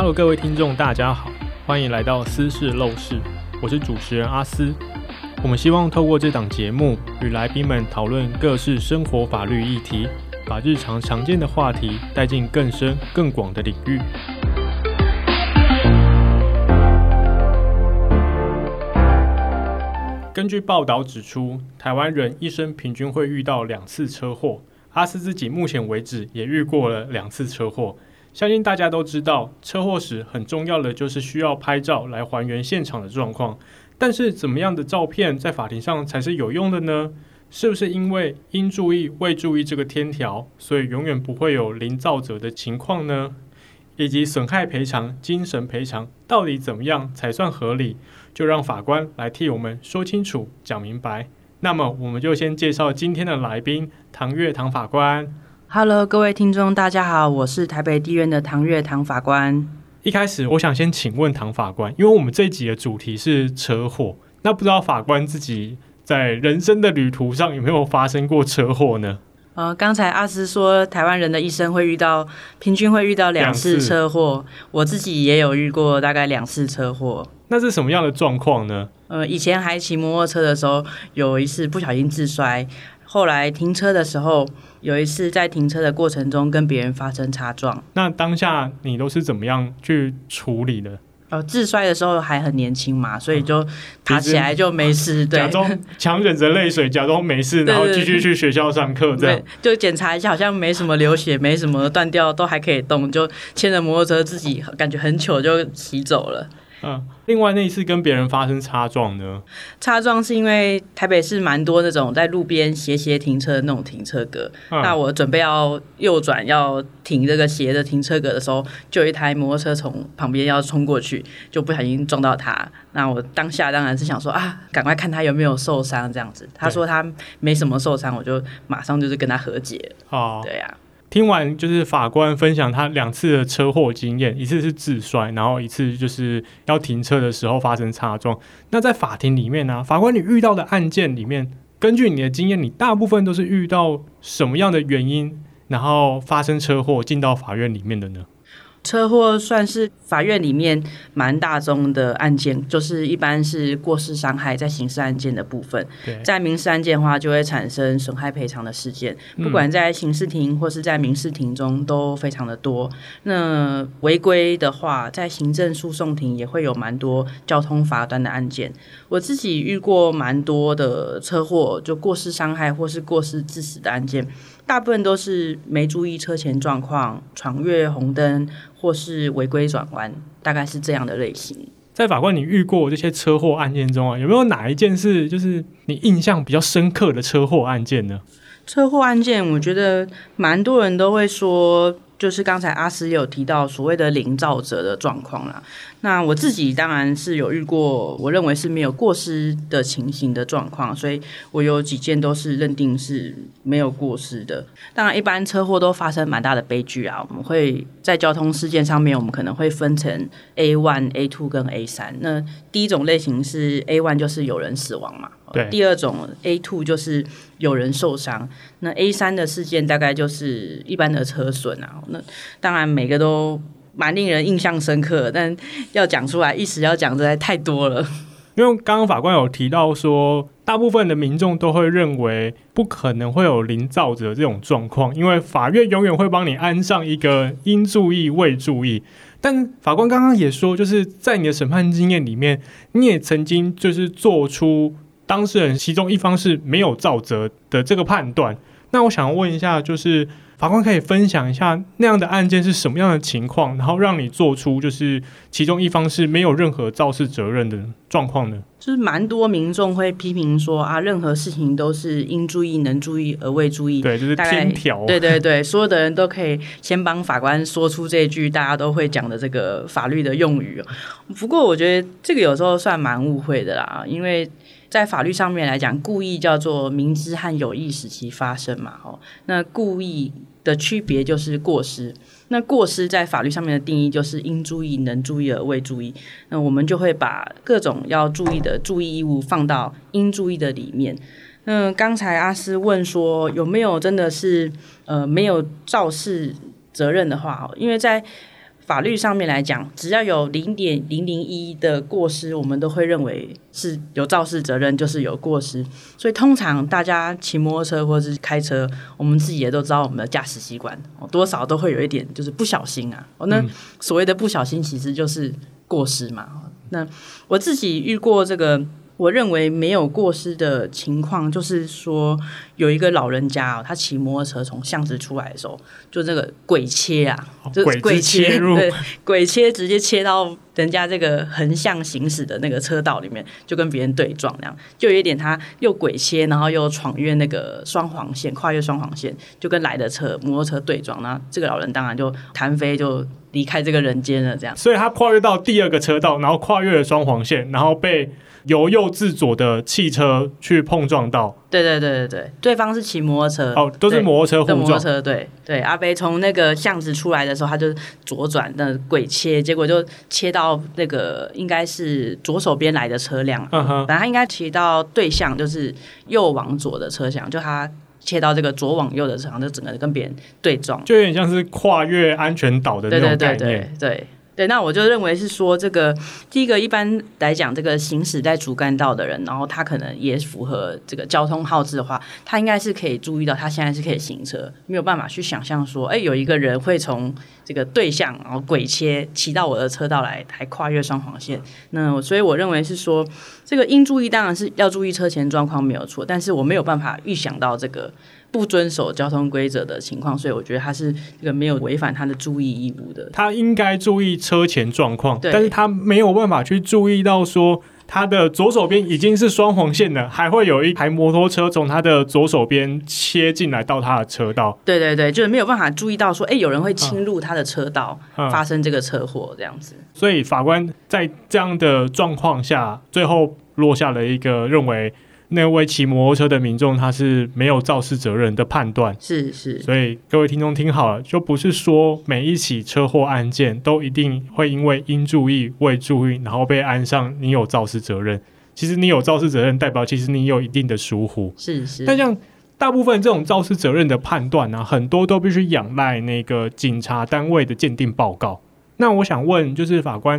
Hello，各位聽眾，大家好，歡迎來到司事 Law 室，我是主持人阿司。我們希望透過這檔節目與來賓們討論各式生活法律議題，把日常常見的話題帶進更深更廣的領域。根據報道指出，台灣人一生平均會遇到兩次車禍。阿司自己目前為止也遇過了兩次車禍。相信大家都知道，車禍時很重要的就是需要拍照來還原現場的狀況。但是，怎麼樣的照片在法庭上才是有用的呢？是不是因為應注意未注意這個天條，所以永遠不會有零肇責的情況呢？以及損害賠償、精神賠償到底怎麼樣才算合理？就讓法官來替我們說清楚、講明白。那麼，我們就先介紹今天的來賓唐玥唐法官。Hello，各位聽眾，大家好，我是台北地院的唐玥唐法官。一開始，我想先請問唐法官，因為我們這集的主題是車禍，那不知道法官自己在人生的旅途上有沒有發生過車禍呢？呃，剛才阿司說，台灣人的一生會遇到平均會遇到兩次車禍，次我自己也有遇過大概兩次車禍。那是什麼樣的狀況呢？呃，以前還騎摩，摩托車的時候，有一次不小心自摔，後來停車的時候。有一次在停車的過程中跟別人發生擦撞，那當下你都是怎麼樣去處理的？哦、呃，自摔的時候還很年輕嘛，所以就爬起來就沒事，嗯、對，假裝強忍着淚水，假裝沒事，然後繼續去學校上課，對，就檢查一下，好像沒什麼流血，沒什麼斷掉，都還可以動，就牽着摩托車自己感覺很糗就騎走了。嗯，另外那一次跟別人發生擦撞呢？擦撞是因為台北市蠻多那種在路邊斜斜停車的那種停車格，嗯、那我準備要右轉要停這個斜的停車格的時候，就有一台摩托車從旁邊要衝過去，就不小心撞到他。那我當下當然是想說啊，趕快看他有沒有受傷這樣子。他說他沒什麼受傷，我就馬上就是跟他和解。哦，對呀、啊。聽完就是法官分享他兩次的車禍經驗，一次是自摔，然後一次就是要停車的時候發生擦撞。那在法庭裡面呢，啊，法官你遇到的案件裡面，根據你的經驗，你大部分都是遇到什麼樣的原因，然後發生車禍進到法院裡面的呢？車禍算是法院裡面蠻大宗的案件，就是一般是過失傷害在刑事案件的部分，Okay. 在民事案件的話就會產生損害賠償的事件，不管在刑事庭或是在民事庭中都非常的多。那違規的話，在行政訴訟庭也會有蠻多交通罰單的案件。我自己遇過蠻多的車禍，就過失傷害或是過失致死的案件。大部分都是沒注意車前狀況、闖越紅燈或是違規轉彎，大概是這樣的類型。唐法官，你遇過這些車禍案件中啊，有沒有哪一件事就是你印象比較深刻的車禍案件呢？車禍案件，我覺得蠻多人都會說。就是剛才阿司也有提到所謂的零肇責的狀況啦，那我自己當然是有遇過我認為是沒有過失的情形的狀況，所以我有幾件都是認定是沒有過失的。當然，一般車禍都發生蠻大的悲劇啊，我們會。在交通事件上面，我們可能會分成 A one、A two 跟 A 三。那第一種類型是 A one，就是有人死亡嘛。對第二種 A two 就是有人受傷。那 A 三的事件大概就是一般的車損啊。那當然每個都蠻令人印象深刻，但要講出來一時要講，實在太多了。因為剛剛法官有提到說。大部分的民眾都會認為不可能會有零肇責這種狀況，因為法院永遠會幫你安上一個應注意未注意。但法官剛剛也說，就是在你的審判經驗裡面，你也曾經就是做出當事人其中一方是沒有肇責的這個判斷。那我想問一下，就是。法官可以分享一下那樣的案件是什麼樣的情況，然後讓你做出就是其中一方是沒有任何肇事責任的狀況呢？就是蠻多民眾會批評說啊，任何事情都是應注意能注意而未注意。對，就是天條。對，對對對，所有的人都可以先幫法官說出這句大家都會講的這個法律的用語。不過我覺得這個有時候算蠻誤會的啦，因為。在法律上面來講，故意叫做明知和有意使其發生嘛，吼。那故意的區別就是過失。那過失在法律上面的定義就是應注意能注意而未注意。那我們就會把各種要注意的注意義務放到應注意的裡面。那剛才阿司問說有沒有真的是呃沒有肇事責任的話，哦，因為在。法律上面來講，只要有零點零零一的過失，我們都會認為是有肇事責任，就是有過失。所以通常大家騎摩托車或者是開車，我們自己也都知道我們的駕駛習慣，多少都會有一點就是不小心啊。那所謂的不小心，其實就是過失嘛。那我自己遇過這個。我認為沒有過失的情況，就是說有一個老人家哦，他騎摩托車從巷子出來的時候，就這個鬼切啊，鬼切入，對，鬼切直接切到。人家這個橫向行駛的那個車道裡面，就跟別人對撞那樣，就有一點他又鬼切，然後又闖越那個雙黃線，跨越雙黃線，就跟來的車摩托車對撞，那這個老人當然就彈飛，就離開這個人間了。這樣，所以他跨越到第二個車道，然後跨越了雙黃線，然後被由右至左的汽車去碰撞到。對對對對對，對方是騎摩托車，哦，都是摩托車對對摩托車，對對。阿伯從那個巷子出來的時候，他就左轉，那鬼切，結果就切到。那個應該是左手邊來的車輛、啊 uh，嗯哼，本來他應該提到對向就是右往左的車廂，就他切到這個左往右的車廂，就整個跟別人對撞，就有點像是跨越安全島的那種概念，對對對,對。對，那我就認為是說，這個第一個，一般來講，這個行駛在主幹道的人，然後他可能也符合這個交通號誌的話，他應該是可以注意到，他現在是可以行車，沒有辦法去想象說，哎，有一個人會從這個對向然後鬼切騎到我的車道來，還跨越雙黃線。嗯、那所以我認為是說，這個應注意當然是要注意車前狀況沒有錯，但是我沒有辦法預想到這個。不遵守交通規則的情況，所以我覺得他是一個沒有違反他的注意義務的。他應該注意車前狀況，對但是他沒有辦法去注意到說他的左手邊已經是雙黃線了，還會有一台摩托車從他的左手邊切進來到他的車道。對對對，就是沒有辦法注意到說，哎、欸，有人會侵入他的車道，嗯嗯、發生這個車禍這樣子。所以法官在這樣的狀況下，最後落下了一個認為。那位騎摩托車的民眾，他是沒有肇事責任的判斷，是是。所以各位聽眾聽好了，就不是說每一起車禍案件都一定會因為應注意未注意，然後被安上你有肇事責任。其實你有肇事責任，代表其實你有一定的疏忽。是是。但像大部分這種肇事責任的判斷呢、啊，很多都必須仰賴那個警察單位的鑑定報告。那我想問，就是法官，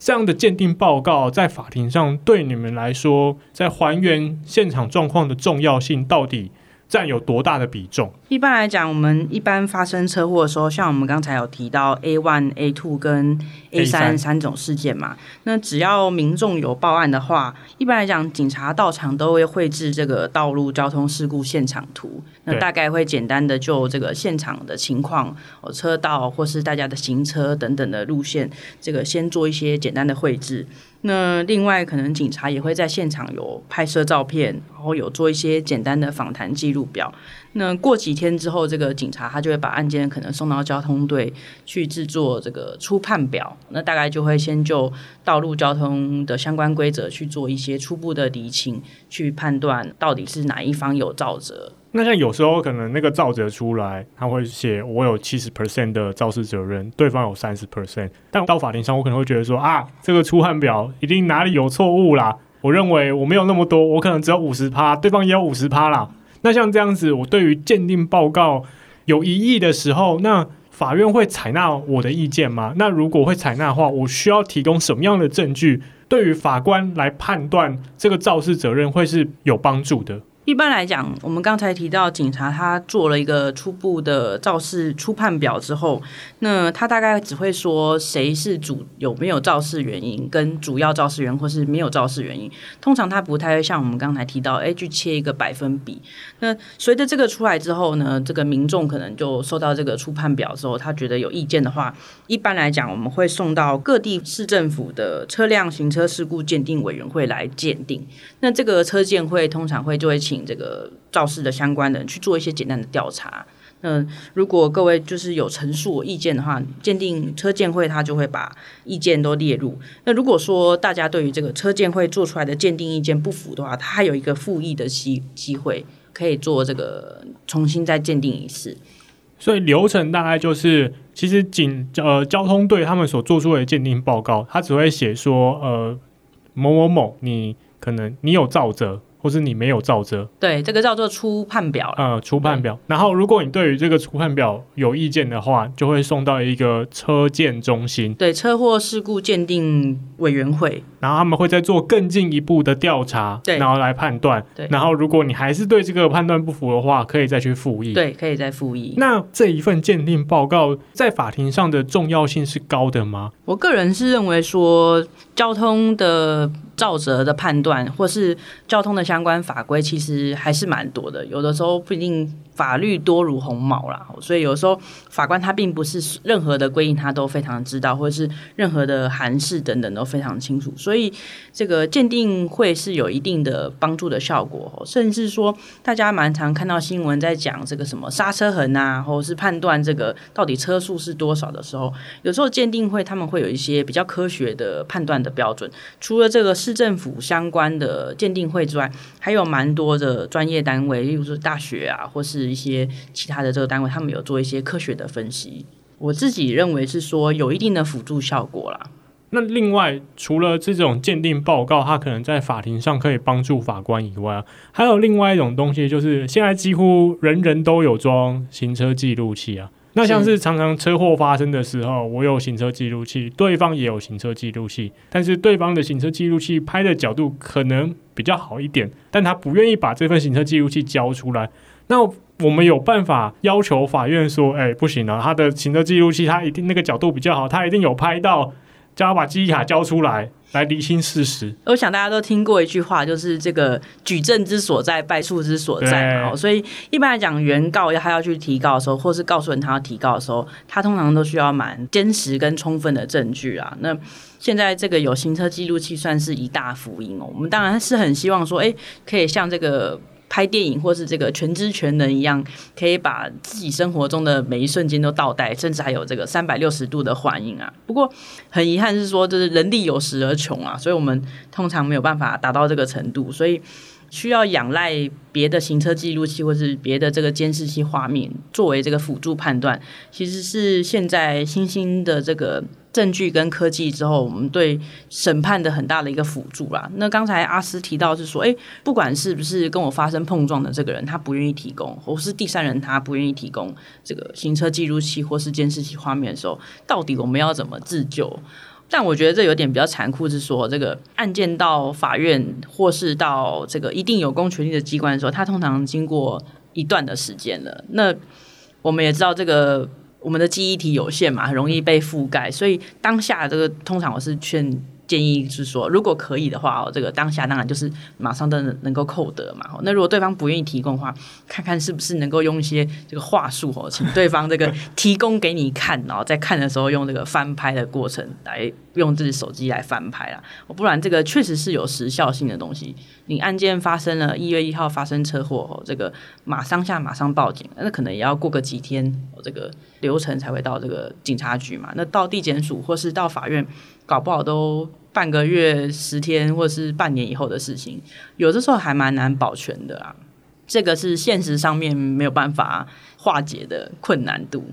這樣的鑑定報告在法庭上對你們來說，在還原現場狀況的重要性到底？佔有多大的比重？一般來講，我們一般發生車禍的時候，像我們剛才有提到 A one、A two 跟 A 三三種事件嘛。那只要民眾有報案的話，一般來講，警察到場都會繪製這個道路交通事故現場圖。那大概會簡單的就這個現場的情況、對車道或是大家的行車等等的路線，這個先做一些簡單的繪製。那另外，可能警察也會在現場有拍攝照片，然後有做一些簡單的訪談記錄表。那過幾天之後，這個警察他就會把案件可能送到交通隊去製作這個初判表。那大概就會先就道路交通的相關規則去做一些初步的釐清，去判斷到底是哪一方有肇責。那像有時候可能那個肇責出來，他會寫我有七十 percent 的肇事責任，對方有三十 percent。但到法庭上，我可能會覺得說啊，這個出汗表一定哪裡有錯誤啦。我認為我沒有那麼多，我可能只有五十趴，對方也有五十趴啦。那像這樣子，我對於鑑定報告有疑義的時候，那法院會採納我的意見嗎？那如果會採納的話，我需要提供什麼樣的證據，對於法官來判斷這個肇事責任會是有幫助的？一般來講，我們剛才提到警察他做了一個初步的肇事初判表之後，那他大概只會說誰是主有沒有肇事原因跟主要肇事原因，或是沒有肇事原因。通常他不太會像我們剛才提到，哎，去切一個百分比。那隨着這個出來之後呢，這個民眾可能就收到這個初判表之後，他覺得有意見的話，一般來講，我們會送到各地市政府的車輛行車事故鑑定委員會來鑑定。那這個車鑑會通常會就會請這個肇事的相關的人去做一些簡單的調查。那如果各位就是有陳述意見的話，鑑定車鑑會他就會把意見都列入。那如果說大家對於這個車鑑會做出來的鑑定意見不服的話，他還有一個復議的機機會，可以做這個重新再鑑定一次。所以流程大概就是，其實警、呃交通隊他們所做出的鑑定報告，他只會寫說呃某某某你，你可能你有肇責。或是你沒有照着，對，這個叫做初判表嗯，呃，初判表。對然後，如果你對於這個初判表有意見的話，就會送到一個車鑑中心，對，車禍事故鑑定委員會。然後他們會再做更進一步的調查，對，然後來判斷。對，然後如果你還是對這個判斷不服的話，可以再去復議，對，可以再復議。那這一份鑑定報告在法庭上的重要性是高的嗎？我個人是認為說。交通的肇責的判斷，或是交通的相關法規，其實還是蠻多的，有的時候不一定。法律多如鴻毛啦，所以有時候法官他並不是任何的規定他都非常知道，或者是任何的函釋等等都非常清楚。所以這個鑑定會是有一定的幫助的效果，甚至說大家蠻常看到新聞在講這個什麼剎車痕啊，或者是判斷這個到底車速是多少的時候，有時候鑑定會他們會有一些比較科學的判斷的標準。除了這個市政府相關的鑑定會之外，還有蠻多的專業單位，例如說大學啊，或是一些其他的這個單位，他們有做一些科學的分析。我自己認為是說有一定的輔助效果啦。那另外除了這種鑑定報告，它可能在法庭上可以幫助法官以外啊，還有另外一種東西，就是現在幾乎人人都有裝行車記錄器啊。那像是常常車禍發生的時候，我有行車記錄器，對方也有行車記錄器，但是對方的行車記錄器拍的角度可能比較好一點，但他不願意把這份行車記錄器交出來。那我們有辦法要求法院說：“哎，不行了、啊。他的行車記錄器，他一定那個角度比較好，他一定有拍到，叫他把記憶卡交出來，來理清事實。”我想大家都聽過一句話，就是“這個舉證之所在，敗訴之所在”嘛對。所以一般來講，原告要他要去提告的時候，或是告訴人他要提告的時候，他通常都需要蠻堅實跟充分的證據啊。那現在這個有行車記錄器，算是一大福音哦。我們當然是很希望說，哎，可以像這個。拍電影或是這個全知全能一樣，可以把自己生活中的每一瞬間都倒帶，甚至還有這個三百六十度的幻影啊。不過很遺憾是說，就是人力有時而窮啊，所以我們通常沒有辦法達到這個程度，所以需要仰賴別的行車記錄器或是別的這個監視器畫面作為這個輔助判斷。其實是現在新興的這個。證據跟科技之後，我們對審判的很大的一個輔助啦。那剛才阿司提到是說，哎、欸，不管是不是跟我發生碰撞的這個人，他不願意提供，或是第三人他不願意提供這個行車記錄器或是監視器畫面的時候，到底我們要怎麼自救？但我覺得這有點比較殘酷，是說這個案件到法院或是到這個一定有公權力的機關的時候，他通常經過一段的時間了。那我們也知道這個。我們的記憶體有限嘛，很容易被覆蓋，所以當下這個通常我是勸。建議是說，如果可以的話哦，這個當下當然就是馬上都能夠扣得嘛。那如果對方不願意提供的話，看看是不是能夠用一些這個話術哦，請對方這個提供給你看，然後在看的時候，用這個翻拍的過程來用自己手機來翻拍啊。不然這個確實是有時效性的東西。你案件發生了，一月一號發生車禍哦，這個馬上下馬上報警，那可能也要過個幾天哦，這個流程才會到這個警察局嘛。那到地檢署或是到法院，搞不好都。半個月、十天，或是半年以後的事情，有的時候還蠻難保全的啊。這個是現實上面沒有辦法化解的困難度。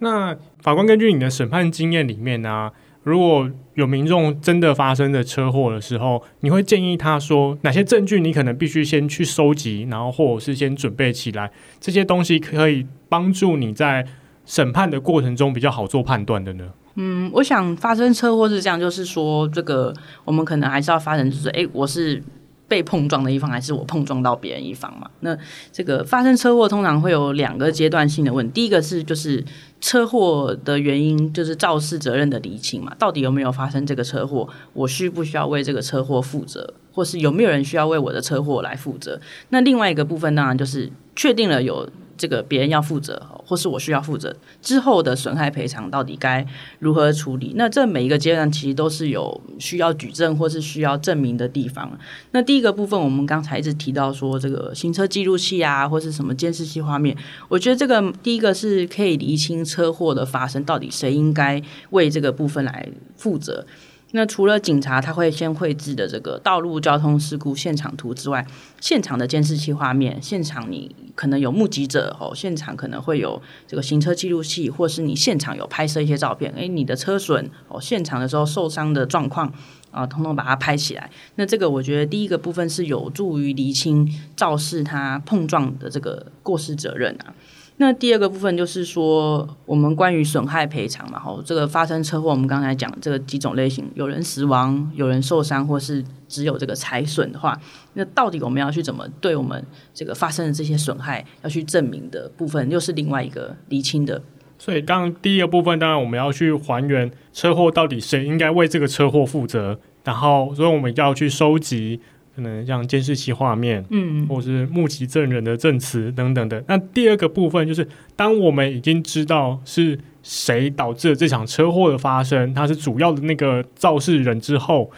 那法官根據你的審判經驗裡面呢、啊，如果有民眾真的發生的車禍的時候，你會建議他說哪些證據你可能必須先去收集，然後或者是先準備起來，這些東西可以幫助你在審判的過程中比較好做判斷的呢？嗯，我想發生車禍是這樣，就是說這個我們可能還是要發生，就是誒，我是被碰撞的一方，還是我碰撞到別人一方嘛？那這個發生車禍通常會有兩個階段性的問題，第一個是就是車禍的原因，就是肇事責任的釐清嘛，到底有沒有發生這個車禍，我需不需要為這個車禍負責，或是有沒有人需要為我的車禍來負責？那另外一個部分當然就是確定了有。這個別人要負責，或是我需要負責之後的損害賠償到底該如何處理？那這每一個階段其實都是有需要舉證或是需要證明的地方。那第一個部分，我們剛才一直提到說，這個行車記錄器啊，或是什麼監視器畫面，我覺得這個第一個是可以釐清車禍的發生到底誰應該為這個部分來負責。那除了警察他會先繪制的這個道路交通事故現場圖之外，現場的監視器畫面，現場你可能有目擊者哦，現場可能會有這個行車記錄器，或是你現場有拍攝一些照片，誒，你的車損哦，現場的時候受傷的狀況啊，統統把它拍起來。那這個我覺得第一個部分是有助於釐清肇事他碰撞的這個過失責任啊。那第二個部分就是說，我們關於損害賠償嘛，吼，這個發生車禍，我們剛才講這個幾種類型，有人死亡，有人受傷，或是只有這個財損的話，那到底我們要去怎麼對我們這個發生的這些損害要去證明的部分，又是另外一個釐清的。所以，剛第一個部分，當然我們要去還原車禍到底誰應該為這個車禍負責，然後，所以我們要去收集。可能像監視器畫面，嗯，嗯，或是目擊證人的證詞等等的。那第二個部分就是，當我們已經知道是誰導致了這場車禍的發生，他是主要的那個肇事人，之後，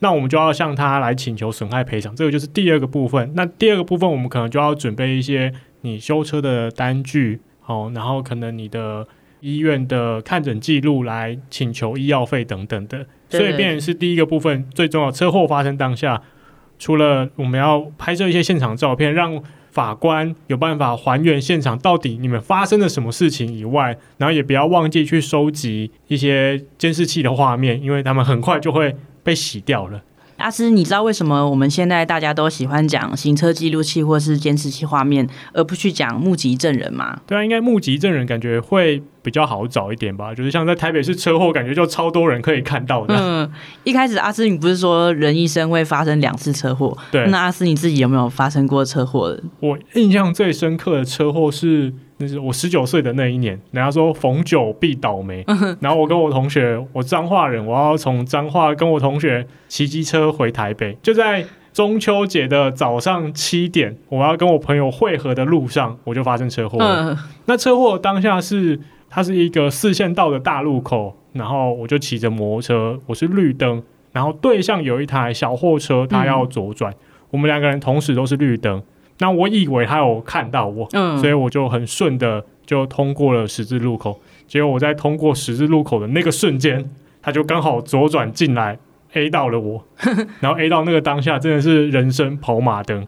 那我們就要向他來請求損害賠償。這個就是第二個部分。那第二個部分，我們可能就要準備一些你修車的單據，好，然後可能你的醫院的看診記錄來請求醫藥費等等的。對對對。所以，變成是第一個部分最重要。車禍發生當下，除了我們要拍攝一些現場照片，讓法官有辦法還原現場到底你們發生了什麼事情以外，然後也不要忘記去收集一些監視器的畫面，因為他們很快就會被洗掉了。阿司，你知道為什麼我們現在大家都喜歡講行車記錄器或是監視器畫面，而不去講目擊證人嗎？對啊，應該目擊證人感覺會比較好找一點吧。就是像在台北市車禍，感覺就超多人可以看到的。嗯，一開始阿司你不是說人一生會發生兩次車禍？對。那阿司你自己有沒有發生過車禍？我印象最深刻的車禍是。就是我十九歲的那一年，人家說逢九必倒霉。然後我跟我同學，我彰化人，我要從彰化跟我同學騎機車回台北，就在中秋節的早上七點，我要跟我朋友會合的路上，我就發生車禍。嗯、那車禍當下是，它是一個四線道的大路口，然後我就騎着摩托車，我是綠燈，然後對向有一台小貨車，它要左轉，嗯、我們兩個人同時都是綠燈。那我以為他有看到我，嗯，所以我就很順的就通過了十字路口。結果我在通過十字路口的那個瞬間，他就剛好左轉進來，A 到了我，呵呵，然後 A 到那個當下真的是人生跑馬燈，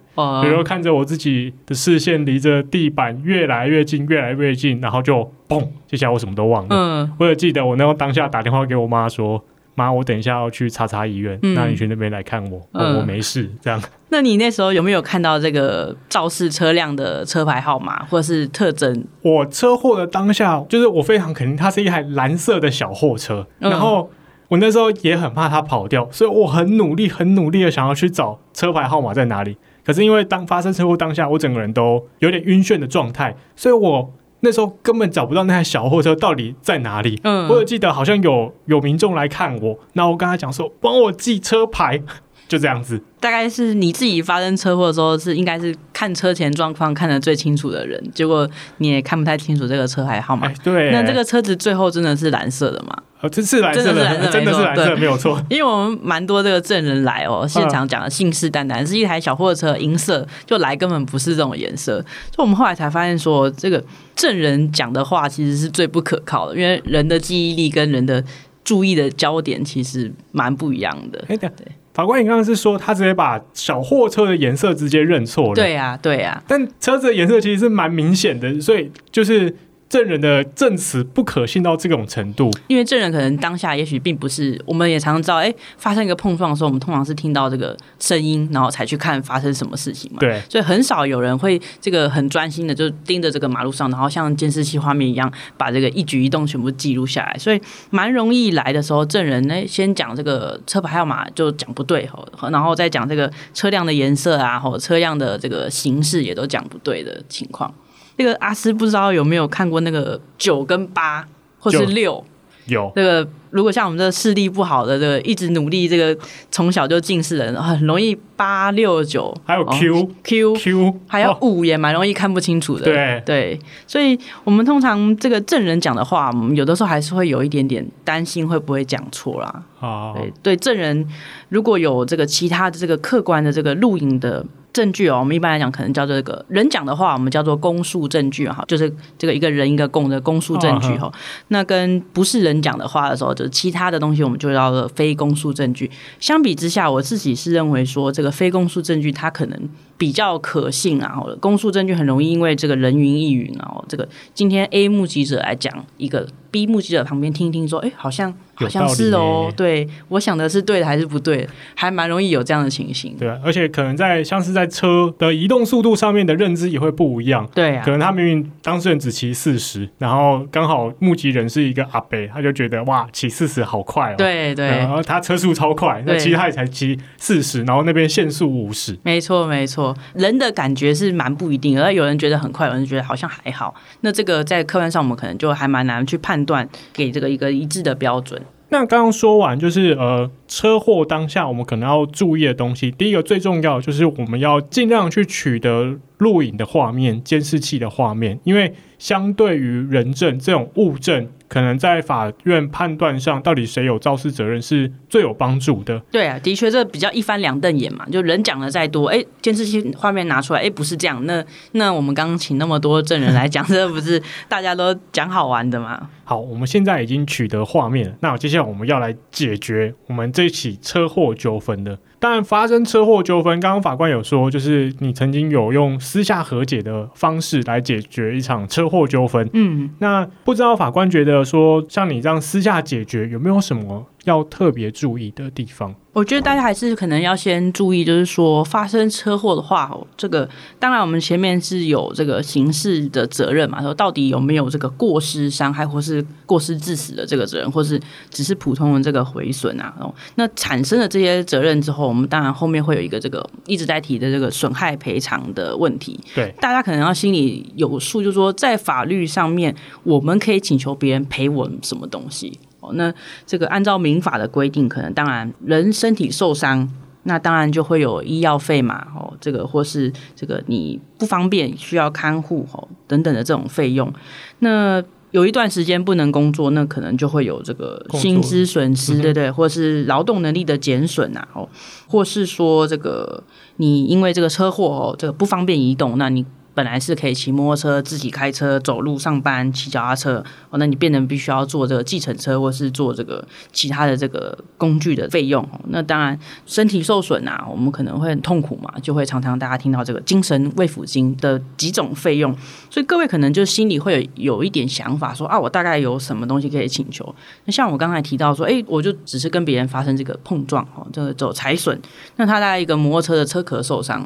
比如呵看着我自己的視線離着地板越來越近，越來越近，然後就嘣，接下來我什麼都忘了。嗯，我也記得我那時候當下打電話給我媽說。媽，我等一下要去查查醫院，嗯、那你去那邊來看我，嗯、我，我沒事。這樣。那你那時候有沒有看到這個肇事車輛的車牌號碼或是特徵？我車禍的當下，就是我非常肯定它是一台藍色的小貨車。嗯、然後我那時候也很怕它跑掉，所以我很努力、很努力的想要去找車牌號碼在哪裡。可是因為當發生車禍當下，我整個人都有點暈眩的狀態，所以我。那時候根本找不到那台小貨車到底在哪裡。嗯，我有記得好像有有民眾來看我，那我跟他講說，幫我記車牌，就這樣子。大概是你自己發生車禍的時候，是應該是看車前狀況看得最清楚的人，結果你也看不太清楚這個車牌號碼。對，那這個車子最後真的是藍色的嗎？哦，這是藍色的，藍色，真的是藍色的，沒有錯。因為我們蠻多這個證人來哦、喔，對現場講的信誓旦旦，啊、是一台小貨車，銀色就來根本不是這種顏色，所以我們後來才發現說，這個證人講的話其實是最不可靠的，因為人的記憶力跟人的注意的焦點其實蠻不一樣的。欸、法官，你剛剛是說他直接把小貨車的顏色直接認錯了？對呀、啊，對呀、啊。但車子的顏色其實是蠻明顯的，所以就是。證人的證詞不可信到這種程度，因為證人可能當下也許並不是，我們也常常知道，哎，發生一個碰撞的時候，我們通常是聽到這個聲音，然後才去看發生什麼事情嘛。對，所以很少有人會這個很專心的，就盯着這個馬路上，然後像監視器畫面一樣，把這個一舉一動全部記錄下來。所以蠻容易來的時候，證人呢先講這個車牌號碼就講不對吼，然後再講這個車輛的顏色啊，或車輛的這個形式也都講不對的情況。那個阿斯不知道有沒有看過那個九跟八，或是六有，有那個如果像我們這個視力不好的，這個一直努力這個從小就近視的人，很容易八六九，還有 Q、哦、Q Q，還有五也蠻容易看不清楚的，哦、對對，所以我們通常這個證人講的話，我們有的時候還是會有一點點擔心會不會講錯啦？啊、哦，對對，證人如果有這個其他的這個客觀的這個錄影的。證據哦，我們一般來講可能叫做這個人講的話，我們叫做公訴證據哈，就是這個一個人一個供的公訴證據哈。那跟不是人講的話的時候，就其他的東西，我們就叫做非公訴證據。相比之下，我自己是認為說這個非公訴證據它可能比較可信，然後公訴證據很容易因為這個人云亦云，啊。這個今天 A 目擊者來講一個 B 目擊者旁邊聽聽說，哎，好像。好像是哦，對，我想的是對的還是不對，還蠻容易有這樣的情形。對啊，而且可能在像是在車的移動速度上面的認知也會不一樣。對啊，可能他明明當事人只騎四十、嗯，然後剛好目擊人是一個阿伯，他就覺得哇騎四十好快哦。對對，對然後他車速超快，那其實他也才騎四十對，然後那邊限速五十。沒錯沒錯，人的感覺是蠻不一定的，而有人覺得很快，有人覺得好像還好。那這個在客觀上我們可能就還蠻難去判斷，給這個一個一致的標準。那剛剛說完，就是呃，車禍當下我們可能要注意的東西。第一個最重要的就是我們要儘量去取得。錄影的畫面、監視器的畫面，因為相對於人證這種物證，可能在法院判斷上，到底誰有肇事責任是最有幫助的。對啊，的確，這比較一翻兩瞪眼嘛，就人講的再多，哎、欸，監視器畫面拿出來，哎、欸，不是這樣。那那我們剛剛請那麼多證人來講， 這不是大家都講好玩的嗎？好，我們現在已經取得畫面了，那接下來我們要來解決我們這起車禍糾紛的。但發生車禍糾紛，剛剛法官有說，就是你曾經有用私下和解的方式來解決一場車禍糾紛。嗯，嗯，那不知道法官覺得說，像你這樣私下解決，有沒有什麼？要特別注意的地方，我覺得大家還是可能要先注意，就是說發生車禍的話，這個當然我們前面是有這個刑事的責任嘛，說到底有沒有這個過失傷害或是過失致死的這個責任，或是只是普通的這個毀損啊。那產生了這些責任之後，我們當然後面會有一個這個一直在提的這個損害賠償的問題。對，大家可能要心裡有數，就是說在法律上面，我們可以請求別人賠我們什麼東西。那這個按照民法的規定，可能當然人身體受傷，那當然就會有醫藥費嘛，哦，這個或是這個你不方便需要看護哦等等的這種費用。那有一段時間不能工作，那可能就會有這個薪資損失，對不對？或是勞動能力的減損啊。哦，或是說這個你因為這個車禍哦，這個不方便移動，那你。本來是可以騎摩托車、自己開車、走路上班、騎腳踏車，哦，那你變成必須要坐這個計程車，或是坐這個其他的這個工具的費用。那當然身體受損啊，我們可能會很痛苦嘛，就會常常大家聽到這個精神慰撫金的幾種費用。所以各位可能就心裡會有，有一點想法說，說啊，我大概有什麼東西可以請求？那像我剛才提到說，誒、欸，我就只是跟別人發生這個碰撞哦，這個走財損，那他在一個摩托車的車殼受傷。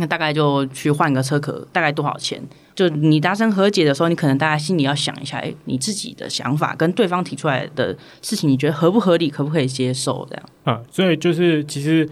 那大概就去換個車殼，大概多少錢？就你達成和解的時候，你可能大家心裡要想一下，誒，你自己的想法跟對方提出來的事情，你覺得合不合理，可不可以接受？這樣啊，所以就是其實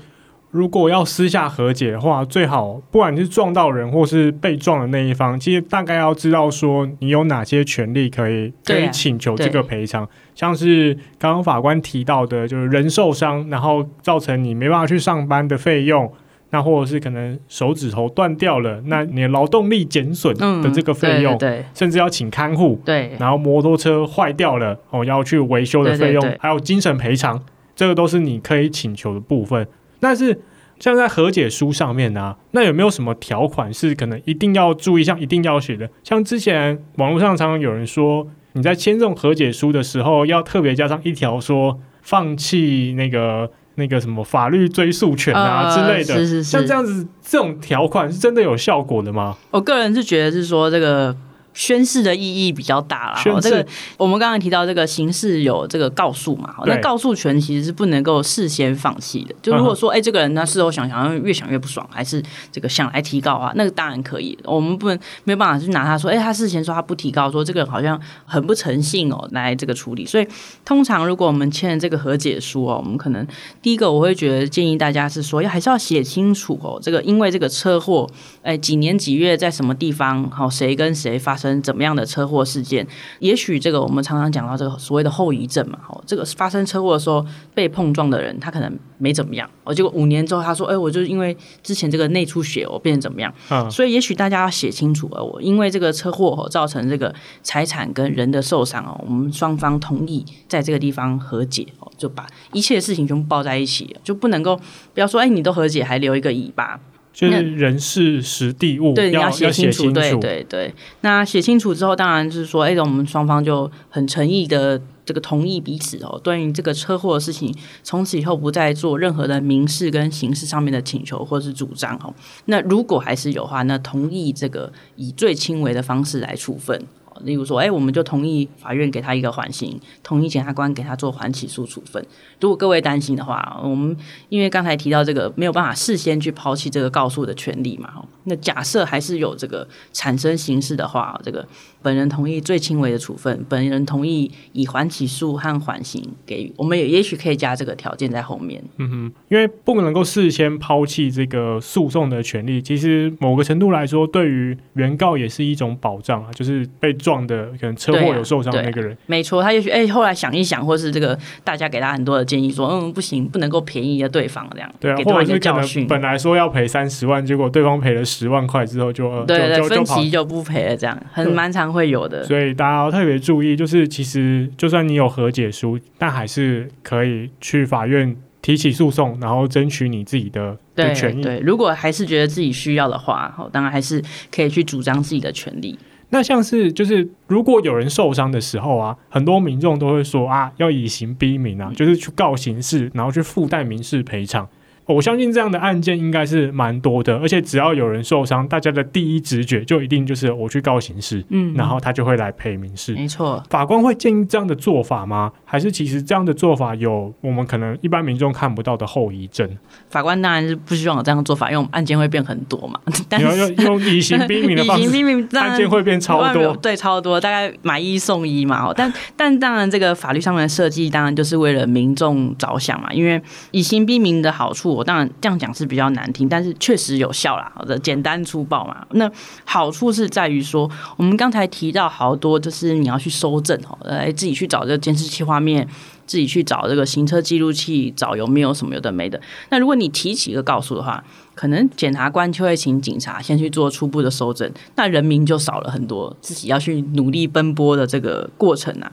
如果要私下和解的話，最好不管是撞到人或是被撞的那一方，其實大概要知道說你有哪些權利可以、啊、可以請求這個賠償，對像是剛剛法官提到的，就是人受傷，然後造成你沒辦法去上班的費用。那或者是可能手指頭斷掉了，那你勞動力減損的這個費用，嗯、對對對，甚至要請看護，對，然後摩托車壞掉了哦，要去維修的費用，對對對，還有精神賠償，這個都是你可以請求的部分。但是像在和解書上面呢、啊，那有沒有什麼條款是可能一定要注意，像一定要寫的？像之前網絡上常常有人說，你在簽這種和解書的時候，要特別加上一條說，說放棄那個。那個什麼法律追訴權啊、呃、之類的，是是是像這樣子這種條款是真的有效果的嗎？我個人是覺得是說這個。宣誓的意義比較大啦。宣示 這個我們剛剛提到這個刑事有這個告訴嘛？對 那告訴權其實是不能夠事先放棄的，就如果說，哎，這個人他事後想想，越想越不爽，還是這個想來提告啊？那個當然可以。我們不能沒有辦法去拿他說，哎，他事前說他不提告，說這個人好像很不誠信哦，來這個處理。所以，通常如果我們簽了這個和解書哦、喔，我們可能第一個我會覺得建議大家是說，要還是要寫清楚哦、喔，這個因為這個車禍，哎，幾年幾月在什麼地方，好，誰跟誰發生。怎麼樣的車禍事件，也許這個我們常常講到這個所謂的後遺症嘛，哦，這個發生車禍的時候被碰撞的人，他可能沒怎麼樣，哦，結果五年之後他說，哎，我就因為之前這個內出血，我變成怎麼樣？嗯，所以也許大家要寫清楚了，我因為這個車禍造成這個財產跟人的受傷哦，我們雙方同意在這個地方和解哦，就把一切事情就抱在一起，就不能夠不要說，哎，你都和解還留一個尾巴。就是人事實地物那，要對，你要寫清楚，清楚對對對。那寫清楚之後，當然就是說，哎、欸，我們雙方就很誠意的這個同意彼此哦。對於這個車禍的事情，從此以後不再做任何的民事跟刑事上面的請求或是主張哦。那如果還是有話，那同意這個以最輕微的方式來處分。例如說，哎、欸，我們就同意法院給他一個緩刑，同意檢察官給他做緩起訴處分。如果各位擔心的話，我們因為剛才提到這個沒有辦法事先去拋棄這個告訴的權利嘛，那假設還是有這個產生刑事的話，這個。本人同意最輕微的處分，本人同意以緩起訴和緩刑給予。我們也也許可以加這個條件在後面。嗯哼，因為不能夠事先拋棄這個訴訟的權利，其實某個程度來說，對於原告也是一種保障啊。就是被撞的可能車禍有受傷的那個人，啊啊、沒錯，他也許哎、欸、後來想一想，或是這個大家給他很多的建議說，說嗯不行，不能夠便宜了對方這樣。對啊，對或者是教訓，本來說要賠三十萬，結果對方賠了十萬塊之後就、呃、對對，對就就就分期就不賠了，這樣很蠻長。會有的，所以大家要特別注意，就是其實就算你有和解書，但還是可以去法院提起訴訟，然後爭取你自己的，對的權益。對，如果還是覺得自己需要的話，好，當然還是可以去主張自己的權利。那像是就是如果有人受傷的時候啊，很多民眾都會說啊，要以刑逼民啊，就是去告刑事，然後去附帶民事賠償。嗯我相信這樣的案件應該是蠻多的，而且只要有人受傷，大家的第一直覺就一定就是我去告刑事，嗯，然後他就會來賠民事。沒錯，法官會建議這樣的做法嗎？還是其實這樣的做法有我們可能一般民眾看不到的後遺症？法官當然是不希望有這樣的做法，因為我們案件會變很多嘛。你要用用以刑逼民的方式， 以刑逼民，案件會變超多，對，超多，大概買一送一嘛。但但當然，這個法律上面的設計當然就是為了民眾着想嘛，因為以刑逼民的好處。我當然這樣講是比較難聽，但是確實有效啦。好的，簡單粗暴嘛。那好處是在於說，我們剛才提到好多，就是你要去蒐證哦，誒，自己去找這監視器畫面，自己去找這個行車記錄器，找有沒有什麼有的沒的。那如果你提起一個告訴的話，可能檢察官就會請警察先去做初步的蒐證，那人民就少了很多自己要去努力奔波的這個過程啊。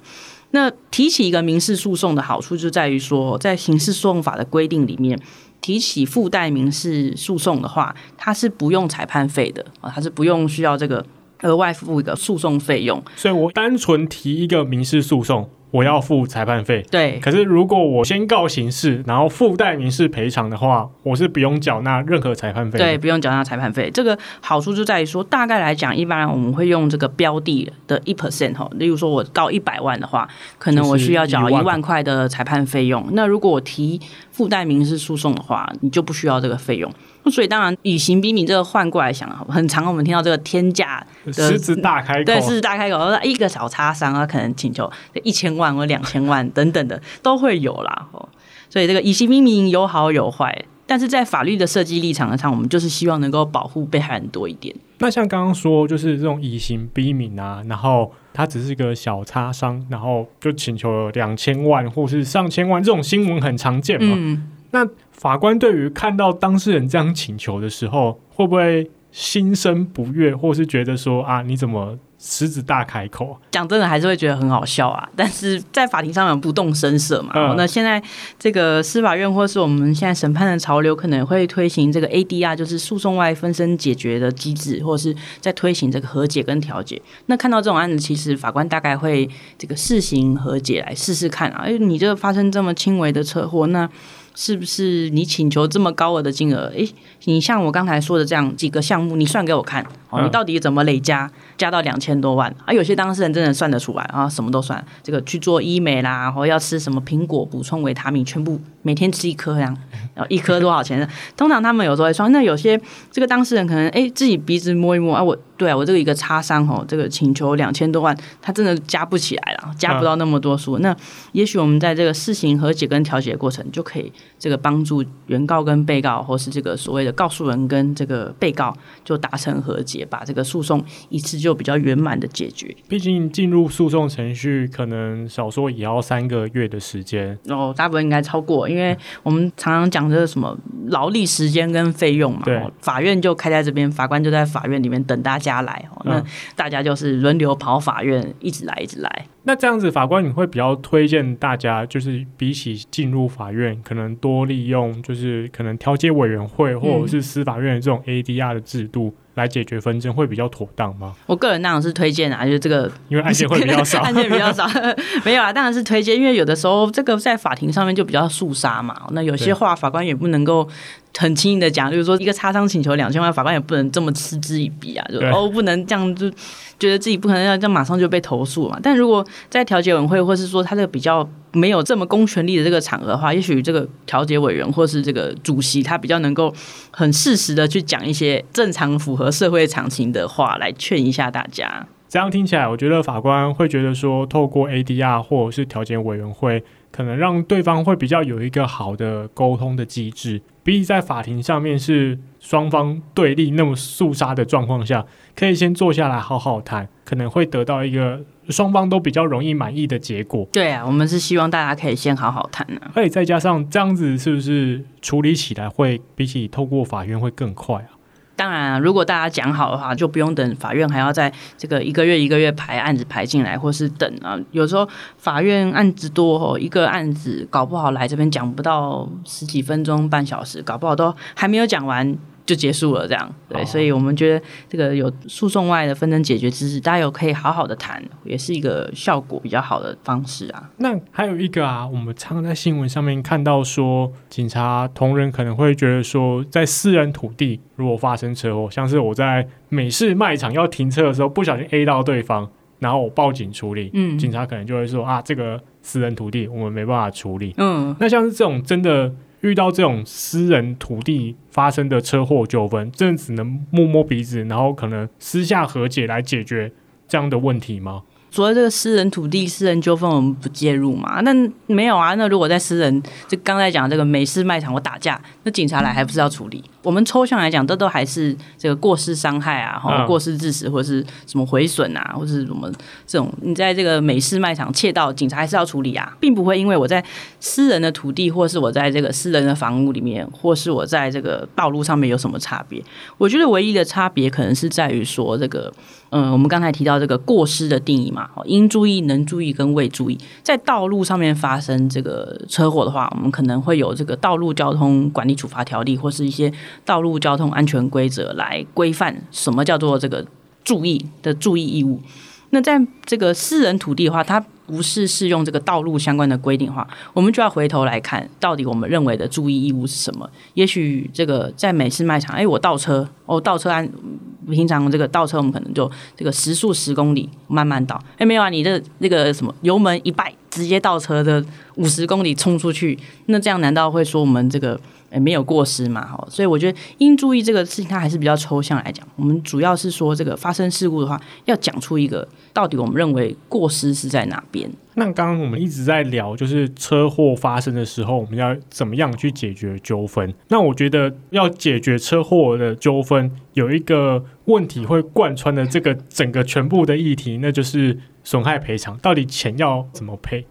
那提起一個民事訴訟的好處就在於說，在刑事訴訟法的規定裡面。提起附帶民事訴訟的話，他是不用裁判費的啊，他是不用需要這個額外付一個訴訟費用。所以我單純提一個民事訴訟。我要付裁判費，對。可是如果我先告刑事，然後附帶民事賠償的話，我是不用繳納任何裁判費。對，不用繳納裁判費。這個好處就在於說，大概來講，一般我們會用這個標的的一 percent 哈。例如說，我告一百萬的話，可能我需要繳一萬塊的裁判費用。那如果我提附帶民事訴訟的話，你就不需要這個費用。所以當然，以刑逼民這個換過來想，很常我們聽到這個天價的、獅子大開口、對，獅子大開口，一個小擦傷啊，可能請求一千萬或兩千萬等等的 都會有啦。所以這個以刑逼民有好有壞，但是在法律的設計立場上，我們就是希望能夠保護被害人多一點。那像剛剛說，就是這種以刑逼民啊，然後他只是個小擦傷，然後就請求兩千萬或是上千萬，這種新聞很常見嘛？嗯、那。法官對於看到當事人這樣請求的時候，會不會心生不悅，或是覺得說啊，你怎麼獅子大開口？講真的，還是會覺得很好笑啊。但是在法庭上面不動聲色嘛。那、嗯、現在這個司法院，或是我們現在審判的潮流，可能會推行這個 ADR，就是訴訟外紛爭解決的機制，或者是在推行這個和解跟調解。那看到這種案子，其實法官大概會這個試行和解來試試看啊。哎，你這發生這麼輕微的車禍，那。是不是你請求這麼高額的金額？誒、欸，你像我剛才說的這樣幾個項目，你算給我看。你到底怎麼累加加到兩千多萬？啊，有些當事人真的算得出來啊，什麼都算。這個去做醫美啦，或要吃什麼蘋果補充維他命，全部每天吃一顆呀、啊。然後一顆多少錢 通常他們有時候會說，那有些這個當事人可能哎、欸，自己鼻子摸一摸，啊我，我對啊，我這個一個擦傷哦，這個請求兩千多萬，他真的加不起來了，加不到那麼多數。嗯、那也許我們在這個事情和解跟調解過程，就可以這個幫助原告跟被告，或是這個所謂的告訴人跟這個被告，就達成和解。把這個訴訟一次就比較圓滿的解決。畢竟進入訴訟程序，可能少說也要三個月的時間。哦，大部分應該超過，因為我們常常講的是什麼勞力時間跟費用嘛、嗯哦。法院就開在這邊，法官就在法院裡面等大家來。哦。那大家就是輪流跑法院，一直來，一直來。那這樣子，法官你會比較推薦大家，就是比起進入法院，可能多利用就是可能調解委員會或者是司法院這種 ADR 的制度，嗯來解決紛爭會比較妥當嗎？我個人當然是推薦啊，就是這個，因為案件會比較少， 案件比較少， 沒有啊，當然是推薦，因為有的時候這個在法庭上面就比較肅殺嘛，那有些話法官也不能夠。很輕易的講，就是說一個擦傷請求兩千萬，法官也不能這麼嗤之以鼻啊，就對哦不能這樣，就覺得自己不可能要這樣馬上就被投訴嘛。但如果在調解委員會，或是說他這個比較沒有這麼公權力的這個場合的話，也許這個調解委員或是這個主席他比較能夠很適時的去講一些正常符合社會常情的話來勸一下大家。這樣聽起來，我覺得法官會覺得說，透過 ADR 或者是調解委員會。可能讓對方會比較有一個好的溝通的機制，比起在法庭上面是雙方對立那麼肅殺的狀況下，可以先坐下來好好談，可能會得到一個雙方都比較容易滿意的結果。對啊，我們是希望大家可以先好好談啊。可以再加上這樣子是不是處理起來會比起透過法院會更快啊？當然啊，如果大家講好的話，就不用等法院，還要在這個一個月一個月排案子，排進來，或是等啊。有時候法院案子多齁，一個案子搞不好來這邊講不到十幾分鐘、半小時，搞不好都還沒有講完。就結束了，這樣對。哦、所以我們覺得這個有訴訟外的紛爭解決機制，大家有可以好好的談，也是一個效果比較好的方式啊。那還有一個啊，我們常常在新聞上面看到說，警察同仁可能會覺得說，在私人土地如果發生車禍，像是我在美式賣場要停車的時候不小心 A 到對方，然後我報警處理，嗯，警察可能就會說啊，這個私人土地我們沒辦法處理，嗯，那像是這種真的。遇到這種私人土地發生的車禍糾紛，真的只能摸摸鼻子，然後可能私下和解來解決這樣的問題嗎？除了這個私人土地、私人糾紛，我們不介入嘛？那沒有啊。那如果在私人，就剛才講這個美式賣場我打架，那警察來還不是要處理？我們抽象來講，這都，都還是這個過失傷害啊，或過失致死或是什麼毀損啊，或是什麼這種。你在這個美式賣場竊盜，警察還是要處理啊，並不會因為我在私人的土地，或是我在這個私人的房屋裡面，或是我在這個道路上面有什麼差別。我覺得唯一的差別可能是在於說這個。嗯，我們剛才提到這個過失的定義嘛，應注意、能注意跟未注意。在道路上面發生這個車禍的話，我們可能會有這個道路交通管理處罰條例或是一些道路交通安全規則來規範什麼叫做這個注意的注意義務。那在這個私人土地的話，它，不是適用這個道路相關的規定的話，我們就要回頭來看，到底我們認為的注意義務是什麼？也許這個在美式賣場，哎，我倒車，哦，倒車按平常這個倒車，我們可能就這個時速十公里慢慢倒，哎，沒有啊，你的那個什麼油門一拜，直接倒車的。五十公里衝出去，那這樣難道會說我們這個誒沒有過失嗎？哈，所以我覺得應注意這個事情，它還是比較抽象來講。我們主要是說這個發生事故的話，要講出一個到底我們認為過失是在哪邊。那剛剛我們一直在聊，就是車禍發生的時候，我們要怎麼樣去解決糾紛？那我覺得要解決車禍的糾紛，有一個問題會貫穿的這個整個全部的議題，那就是損害賠償，到底錢要怎麼賠？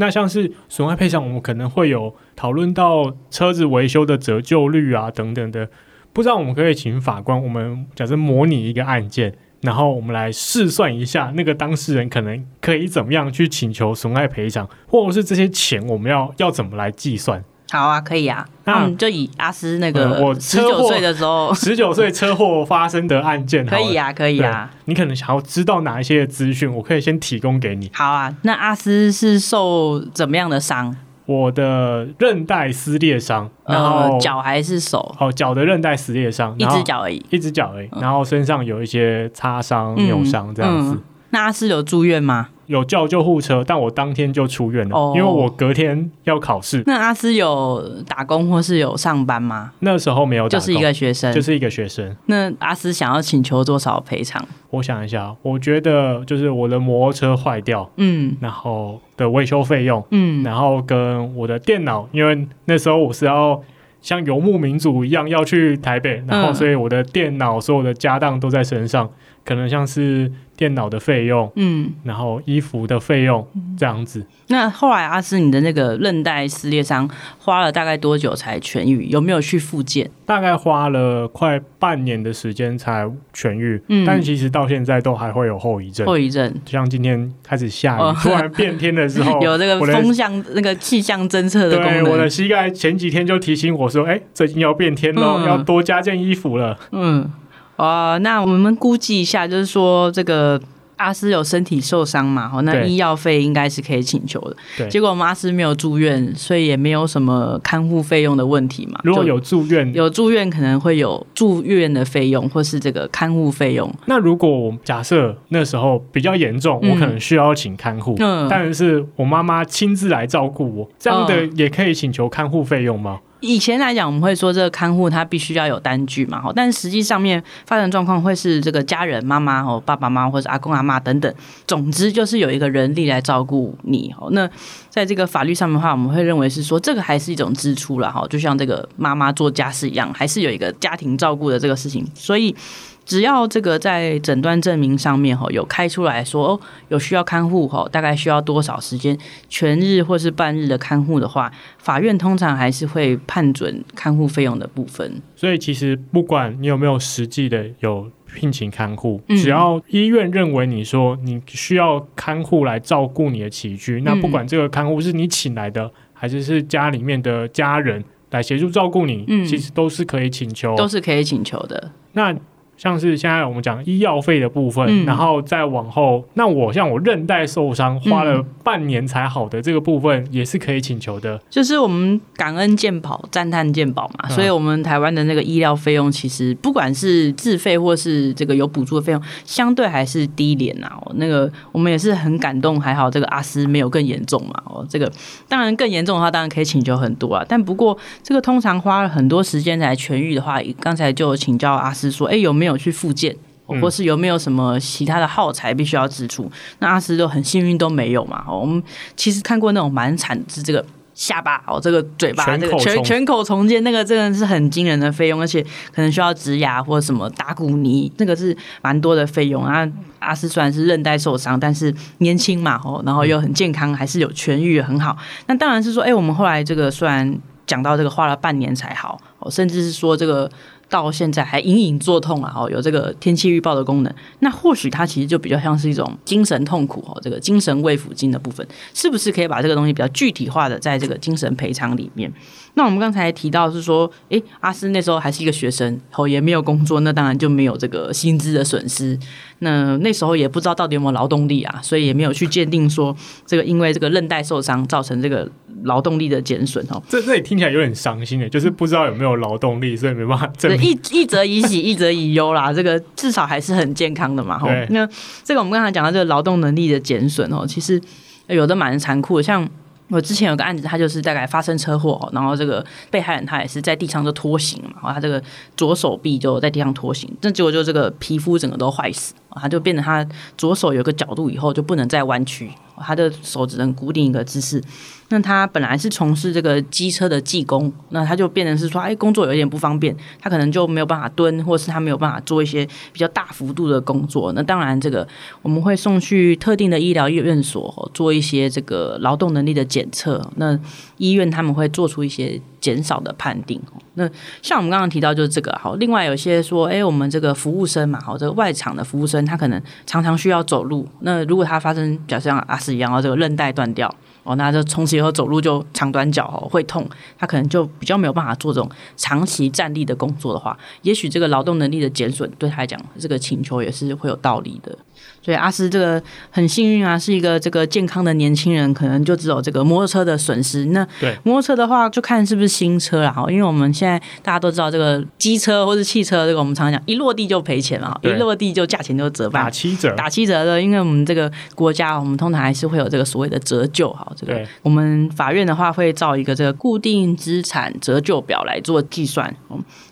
那像是損害賠償，我們可能會有討論到車子維修的折舊率啊等等的，不知道我們可以請法官，我們假設模擬一個案件，然後我們來試算一下那個當事人可能可以怎麼樣去請求損害賠償，或者是這些錢我們要要怎麼來計算？好啊，可以啊。那我們就以阿司那個我十九歲的時候，十九歲車禍 發生的案件。 可以啊，可以啊。你可能想要知道哪一些資訊，我可以先提供給你。好啊，那阿司是受怎麼樣的傷？我的韌帶撕裂傷，然後腳、呃、還是手？哦，腳的韌帶撕裂傷，一隻腳而已。一隻腳而已，然後身上有一些擦傷、嗯、扭傷這樣子、嗯。那阿司有住院嗎？有叫救護車，但我當天就出院了，oh. 因為我隔天要考試。那阿司有打工或是有上班嗎？那時候沒有打工，就是一個學生，就是一個學生。那阿司想要請求多少賠償？我想一下，我覺得就是我的摩托車壞掉，嗯，然後的維修費用，嗯，然後跟我的電腦，因為那時候我是要像游牧民族一樣要去台北，嗯、然後所以我的電腦所有的家當都在身上，可能像是。電腦的費用，嗯，然後衣服的費用，這樣子。那後來阿斯，你的那個韌帶撕裂傷花了大概多久才痊癒？有沒有去復健？大概花了快半年的時間才痊癒，嗯，但其實到現在都還會有後遺症。後遺症就像今天開始下雨，哦、突然變天的時候， 有這個風向、的那個氣象偵測的功能，對，我的膝蓋前幾天就提醒我說：“哎、欸，最近要變天了、嗯、要多加件衣服了。”嗯。哦，uh, 那我們估計一下，就是說這個阿司有身體受傷嘛，哈對，那醫藥費應該是可以請求的。對，結果我們阿司沒有住院，所以也沒有什麼看護費用的問題嘛。如果有住院，有住院可能會有住院的費用，或是這個看護費用。那如果我假設那時候比較嚴重，嗯、我可能需要請看護，嗯、但是我媽媽親自來照顧我，這樣的也可以請求看護費用嗎？嗯以前來講，我們會說這個看護他必須要有單據嘛，哈。但實際上面發展狀況會是這個家人、媽媽哦、爸爸媽媽或者阿公阿嬤等等，總之就是有一個人力來照顧你，那在這個法律上面的話，我們會認為是說這個還是一種支出了哈，就像這個媽媽做家事一樣，還是有一個家庭照顧的這個事情，所以。只要這個在診斷證明上面吼有開出來說哦，有需要看護吼，大概需要多少時間，全日或是半日的看護的話，法院通常還是會判准看護費用的部分。所以其實不管你有沒有實際的有聘請看護，嗯、只要醫院認為你說你需要看護來照顧你的起居，嗯、那不管這個看護是你請來的還是是家裡面的家人來協助照顧你，嗯、其實都是可以請求，都是可以請求的。那像是現在我們講醫藥費的部分，嗯、然後再往後，那我像我韌帶受傷花了半年才好的這個部分，嗯、也是可以請求的。就是我們感恩健保、讚嘆健保嘛，嗯、所以我們台灣的那個醫療費用，其實不管是自費或是這個有補助的費用，相對還是低廉啊、喔、那個我們也是很感動，還好這個阿司沒有更嚴重嘛、喔。哦，這個當然更嚴重的話，當然可以請求很多啊。但不過這個通常花了很多時間來痊癒的話，剛才就有請教阿司說，哎、欸，有沒有？有去復健，或是有沒有什麼其他的耗材必須要支出？嗯、那阿斯就很幸運都沒有嘛。我們其實看過那種蠻慘的是這個下巴哦，這個嘴巴全口 這個全全口重建那個真的是很驚人的費用，而且可能需要植牙或什麼打骨泥，那個是蠻多的費用啊。那阿斯雖然是韌帶受傷，但是年輕嘛哦，然後又很健康，還是有痊癒很好。那當然是說，哎，我們後來這個雖然講到這個花了半年才好哦，甚至是說這個。到現在還隱隱作痛啊！哦，有這個天氣預報的功能，那或許它其實就比較像是一種精神痛苦哦。這個精神慰撫金的部分，是不是可以把這個東西比較具體化的在這個精神賠償裡面？那我們剛才提到是說，誒，阿司那時候還是一個學生，哦，也沒有工作，那當然就沒有這個薪資的損失。那那時候也不知道到底有沒有勞動力啊，所以也沒有去鑑定說這個因為這個韌帶受傷造成這個。勞動力的減損哦，這這裡聽起來有點傷心誒，就是不知道有沒有勞動力，所以沒辦法這一一則以喜，一則以憂啦， 這個至少還是很健康的嘛。哈對，那這個我們剛才講到這個勞動能力的減損哦，其實有的蠻殘酷的。像我之前有個案子，他就是大概發生車禍，然後這個被害人他也是在地上就拖行嘛，然後他這個左手臂就在地上拖行，那結果就這個皮膚整個都壞死，他就變成他左手有個角度以後就不能再彎曲。他的手只能固定一個姿勢，那他本來是從事這個機車的技工，那他就變成是說，哎，工作有一點不方便，他可能就沒有辦法蹲，或是他沒有辦法做一些比較大幅度的工作。那當然，這個我們會送去特定的醫療院所做一些這個勞動能力的檢測。那醫院他們會做出一些減少的判定。那像我們剛剛提到就是這個好，另外有些說，哎，我們這個服務生嘛，好，這個外場的服務生，他可能常常需要走路。那如果他發生，假設像阿一樣，然後這個韌帶斷掉。哦，那就從此以後走路就長短腳哦，會痛。他可能就比較沒有辦法做這種長期站立的工作的話，也許這個勞動能力的減損對他來講，這個請求也是會有道理的。所以阿司這個很幸運啊，是一個這個健康的年輕人，可能就只有這個摩托車的損失。那摩托車的話，就看是不是新車啦。對因為我們現在大家都知道這個機車或是汽車，這個我們常常講一落地就賠錢啊，對一落地就價錢就折半，打七折，打七折的，因為我們這個國家我們通常還是會有這個所謂的折舊哈。對這個我們法院的話會照一個這個固定資產折舊表來做計算，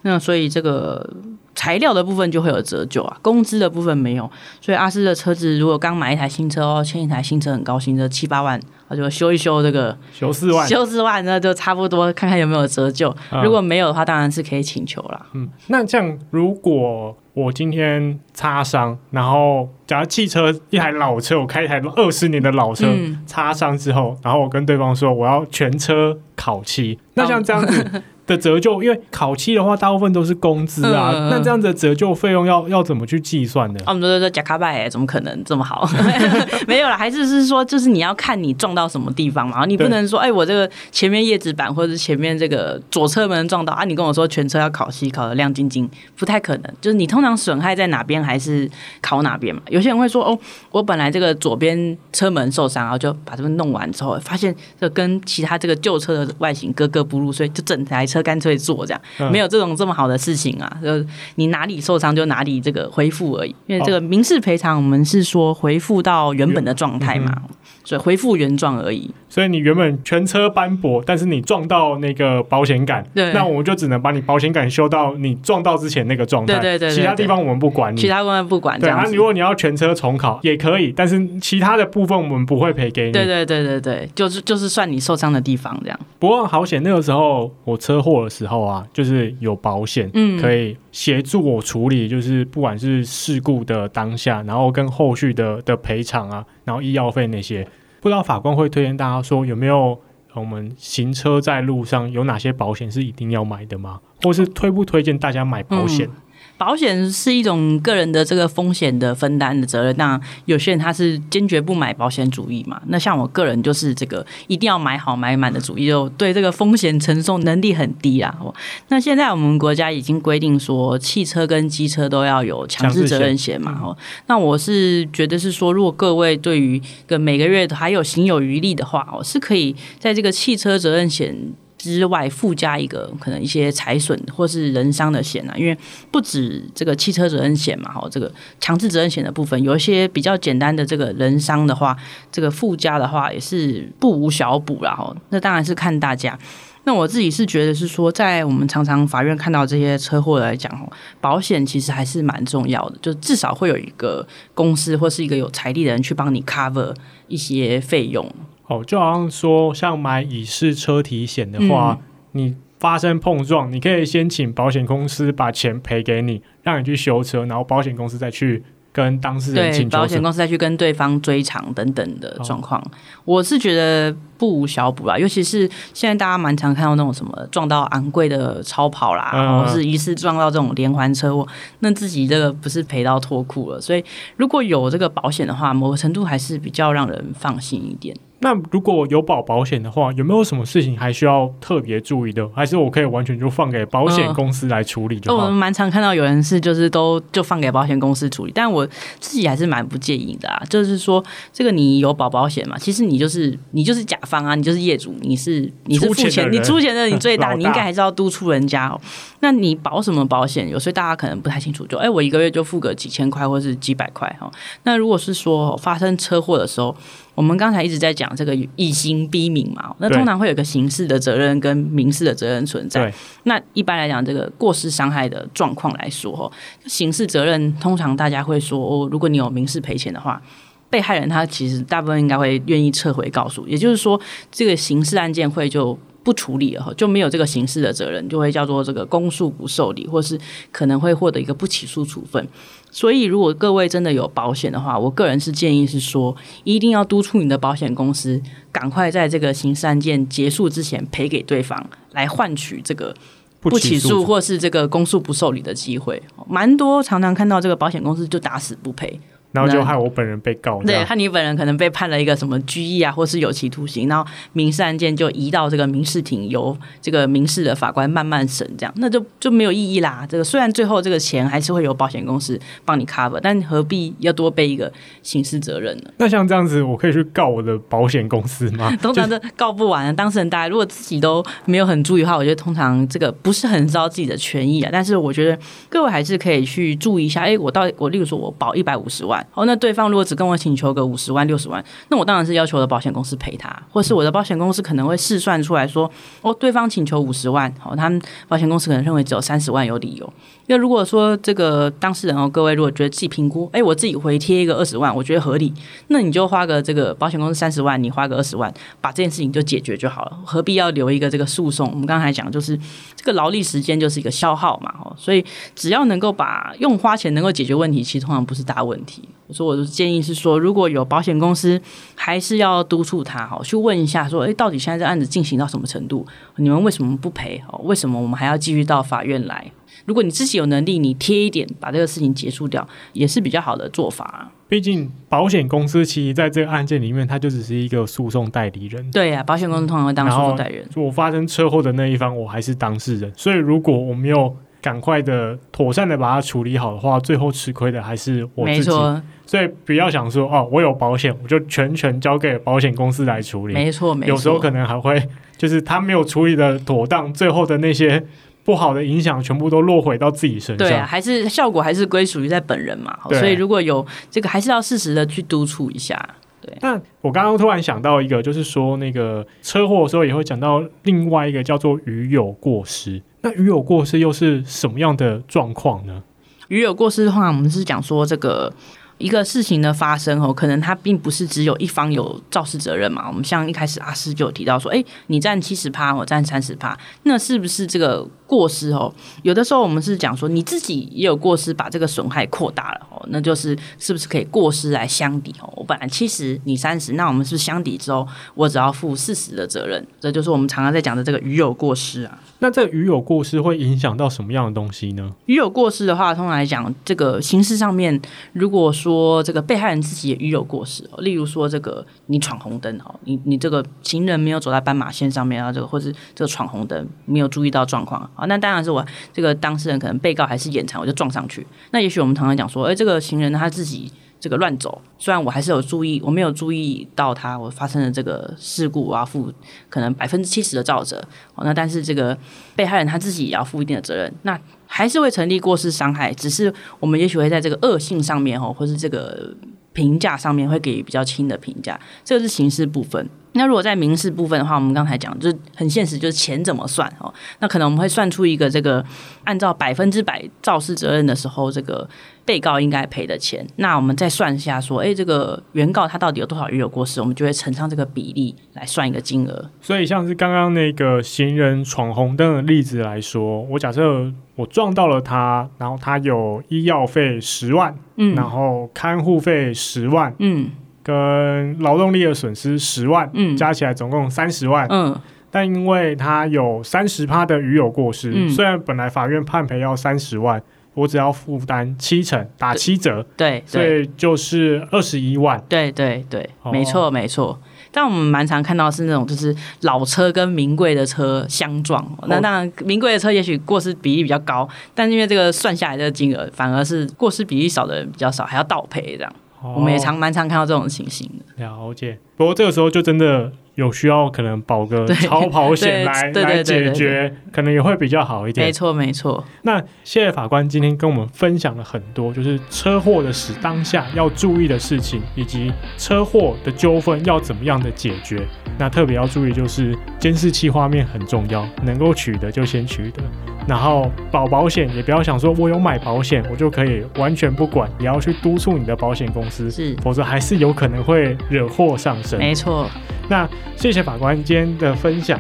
那所以這個材料的部分就會有折舊啊，工資的部分沒有。所以阿司的車子如果剛買一台新車哦，簽一台新車很高興，這七八萬，那就修一修這個修四萬，修四萬那就差不多看看有沒有折舊，嗯、如果沒有的話，當然是可以請求了。嗯，那這樣如果。我今天擦傷，然後假如汽車一台老車，我開一台二十年的老車，嗯，擦傷之後，然後我跟對方說我要全車烤漆，那像這樣子。 的折舊，因為烤漆的話，大部分都是工資啊。那、嗯、這樣子的折舊費用要要怎麼去計算呢？哦、啊，們是說是，賈卡拜，怎麼可能這麼好？ 沒有了，還是是說，就是你要看你撞到什麼地方嘛。你不能說，哎對、欸，我這個前面葉子板或者是前面這個左側門撞到啊，你跟我說全車要烤漆，烤得亮晶晶，不太可能。就是你通常損害在哪邊，還是烤哪邊嘛？有些人會說，哦，我本來這個左邊車門受傷，然後就把這邊弄完之後，發現這跟其他這個舊車的外形格格不入，所以就整台車。乾脆做這樣，沒有這種這麼好的事情啊，就、嗯、你哪裡受傷，就哪裡這個恢復而已。因為這個民事賠償，我們是說恢復到原本的狀態嘛。嗯嗯嗯恢復原狀而已。所以你原本全車斑駁，但是你撞到那個保險桿，對那我們就只能把你保險桿修到你撞到之前那個狀態。對對對,對對對，其他地方我們不管你，其他地方不管。對啊，如果你要全車重考也可以，但是其他的部分我們不會賠給你。對,對對對對對，就是就是算你受傷的地方這樣。不過好險，那個時候我車禍的時候啊，就是有保險，嗯，可以協助我處理，就是不管是事故的當下，然後跟後續的的賠償啊，然後醫藥費那些。不知道法官會推薦大家說，有沒有我們行車在路上有哪些保險是一定要買的嗎？或是推不推薦大家買保險？嗯保險是一種個人的這個風險的分擔的責任，那有些人他是堅決不買保險主義嘛。那像我個人就是這個一定要買好買滿的主義，就對這個風險承受能力很低啊。嗯。那現在我們國家已經規定說，汽車跟機車都要有強制責任險嘛。哦，嗯。那我是覺得是說，如果各位對於個每個月還有行有餘力的話，哦，是可以在這個汽車責任險。之外，附加一個可能一些財損或是人傷的險啊，因為不止這個汽車責任險嘛，吼，這個強制責任險的部分，有一些比較簡單的這個人傷的話，這個附加的話也是不無小補啦。吼。那當然是看大家。那我自己是覺得是說，在我們常常法院看到這些車禍來講，吼，保險其實還是蠻重要的，就至少會有一個公司或是一個有財力的人去幫你 cover 一些費用。哦，就好像說，像買乙式車體險的話，嗯、你發生碰撞，你可以先請保險公司把錢賠給你，讓你去修車，然後保險公司再去跟當事人對保險公司再去跟對方追償等等的狀況。哦、我是覺得不無小補啦，尤其是現在大家蠻常看到那種什麼撞到昂貴的超跑啦，或、嗯啊、是疑似撞到這種連環車禍，那自己這個不是賠到脫褲了？所以如果有這個保險的話，某個程度還是比較讓人放心一點。那如果有保保險的話，有沒有什麼事情還需要特別注意的？還是我可以完全就放給保險公司來處理就、呃呃、我們蠻常看到有人是就是都就放給保險公司處理，但我自己還是蠻不建議的啊。就是說，這個你有保保險嘛？其實你就是你就是甲方啊，你就是業主，你是你是付錢，出錢你出錢的你最大，大你應該還是要督促人家、哦。那你保什麼保險？有所以大家可能不太清楚，就哎，我一個月就付個幾千塊或是幾百塊哈、哦。那如果是說、哦、發生車禍的時候。我們剛才一直在講這個以刑逼民嘛，那通常會有個刑事的責任跟民事的責任存在。那一般來講，這個過失傷害的狀況來說，刑事責任通常大家會說，哦，如果你有民事賠錢的話，被害人他其實大部分應該會願意撤回告訴，也就是說，這個刑事案件會就不處理了，就沒有這個刑事的責任，就會叫做這個公訴不受理，或是可能會獲得一個不起訴處分。所以，如果各位真的有保險的話，我個人是建議是說，一定要督促你的保險公司趕快在這個刑事案件結束之前賠給對方，來換取這個不起訴或是這個公訴不受理的機會。蠻多常常看到這個保險公司就打死不賠。然後就害我本人被告，對，害你本人可能被判了一個什麼拘役啊，或是有期徒刑。然後民事案件就移到這個民事庭，由這個民事的法官慢慢審，這樣那就就沒有意義啦。這個雖然最後這個錢還是會有保險公司幫你 cover，但何必要多背一個刑事責任呢？那像這樣子，我可以去告我的保險公司嗎？通常都告不完。當事人大家如果自己都沒有很注意的話，我覺得通常這個不是很知道自己的權益啊。但是我覺得各位還是可以去注意一下。哎、欸，我到底我例如說我保一百五十萬。哦，那對方如果只跟我請求個五十萬、六十萬，那我當然是要求我的保險公司賠他，或是我的保險公司可能會試算出來說，哦，對方請求五十萬，好，哦，他們保險公司可能認為只有三十萬有理由。要如果說這個當事人哦，各位如果覺得自己評估，誒，我自己回貼一個二十萬，我覺得合理，那你就花個這個保險公司三十萬，你花個二十萬，把這件事情就解決就好了，何必要留一個這個訴訟？我們剛才講，就是這個勞力時間就是一個消耗嘛，哦，所以只要能夠把用花錢能夠解決問題，其實通常不是大問題。所以我說我的建議是說，如果有保險公司，還是要督促他哈，去問一下說，誒，到底現在這案子進行到什麼程度？你們為什麼不賠？為什麼我們還要繼續到法院來？如果你自己有能力，你貼一點，把這個事情結束掉，也是比較好的做法啊。畢竟保險公司其實在這個案件裡面，它就只是一個訴訟代理人。對呀、啊，保險公司通常會當訴訟代理人。我、嗯、發生車禍的那一方，我還是當事人，所以如果我沒有趕快的妥善的把它處理好的話，最後吃虧的還是我自己。沒錯。所以不要想說哦，我有保險，我就全權交給保險公司來處理。沒錯，沒錯。有時候可能還會就是他沒有處理的妥當，最後的那些。不好的影響全部都落回到自己身上。對、啊，還是效果還是歸屬於在本人嘛，對所以如果有這個，還是要適時的去督促一下。對，那我剛剛突然想到一個，就是說那個車禍的時候也會講到另外一個叫做“與有過失”，那“與有過失”又是什麼樣的狀況呢？“與有過失”的話，我們是講說這個一個事情的發生哦，可能它並不是只有一方有肇事責任嘛。我們像一開始阿司就提到說，哎，你佔七十趴，我佔三十趴，那是不是這個？過失哦，有的時候我們是講說你自己也有過失，把這個損害擴大了哦，那就是是不是可以過失來相抵哦？我本來七十，你三十，那我們是不是相抵之後，我只要負四十的責任？這就是我們常常在講的這個“與有過失”啊。那這個“與有過失”會影響到什麼樣的東西呢？與有過失的話，通常來講，這個刑事上面，如果說這個被害人自己也與有過失哦，例如說這個你闖紅燈哦，你你這個行人沒有走在斑馬線上面啊，這個或是這個闖紅燈沒有注意到狀況啊。啊，那當然是我這個當事人，可能被告還是眼殘，我就撞上去。那也許我們常常講說，誒、欸，這個行人他自己這個亂走，雖然我還是有注意，我沒有注意到他，我發生了這個事故，我要負可能百分之七十的肇責。哦，那但是這個被害人他自己也要負一定的責任，那還是會成立過失傷害，只是我們也許會在這個惡性上面哦，或是這個評價上面會給比較輕的評價。這個是刑事部分。那如果在民事部分的話，我們剛才講就是很現實，就是錢怎麼算哦。那可能我們會算出一個這個按照百分之百肇事責任的時候，這個被告應該賠的錢。那我們再算一下說，說哎，這個原告他到底有多少與有過失，我們就會乘上這個比例來算一個金額。所以，像是剛剛那個行人闖紅燈的例子來說，我假設我撞到了他，然後他有醫藥費十萬，嗯，然後看護費十萬，嗯。跟勞動力的損失十萬，嗯，加起來總共三十萬，嗯，但因為他有三十趴的與有過失，嗯、雖然本來法院判賠要三十萬，我只要負擔七成，打七折，對，對對，所以就是二十一萬，對對對，沒錯沒錯。但我們蠻常看到是那種就是老車跟名貴的車相撞，哦、那當然名貴的車也許過失比例比較高，但因為這個算下來的金額，反而是過失比例少的人比較少，還要倒賠這樣。我們也常蠻、哦、常看到這種情形的，了解。不過這個時候就真的有需要，可能保個超跑險來來解決，可能也會比較好一點。沒錯，沒錯。那謝謝法官今天跟我們分享了很多，就是車禍的時當下要注意的事情，以及車禍的糾紛要怎麼樣的解決。那特別要注意就是監視器畫面很重要，能夠取得就先取得。然後保保險，也不要想說我有買保險，我就可以完全不管，也要去督促你的保險公司，是否則還是有可能會惹禍上身。沒錯錯。那謝謝法官今天的分享，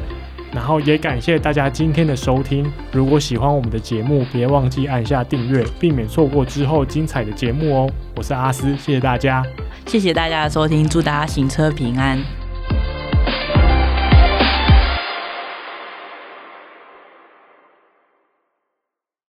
然後也感謝大家今天的收聽。如果喜歡我們的節目，別忘記按下訂閱，避免錯過之後精彩的節目哦。我是阿司，謝謝大家。謝謝大家的收聽，祝大家行車平安。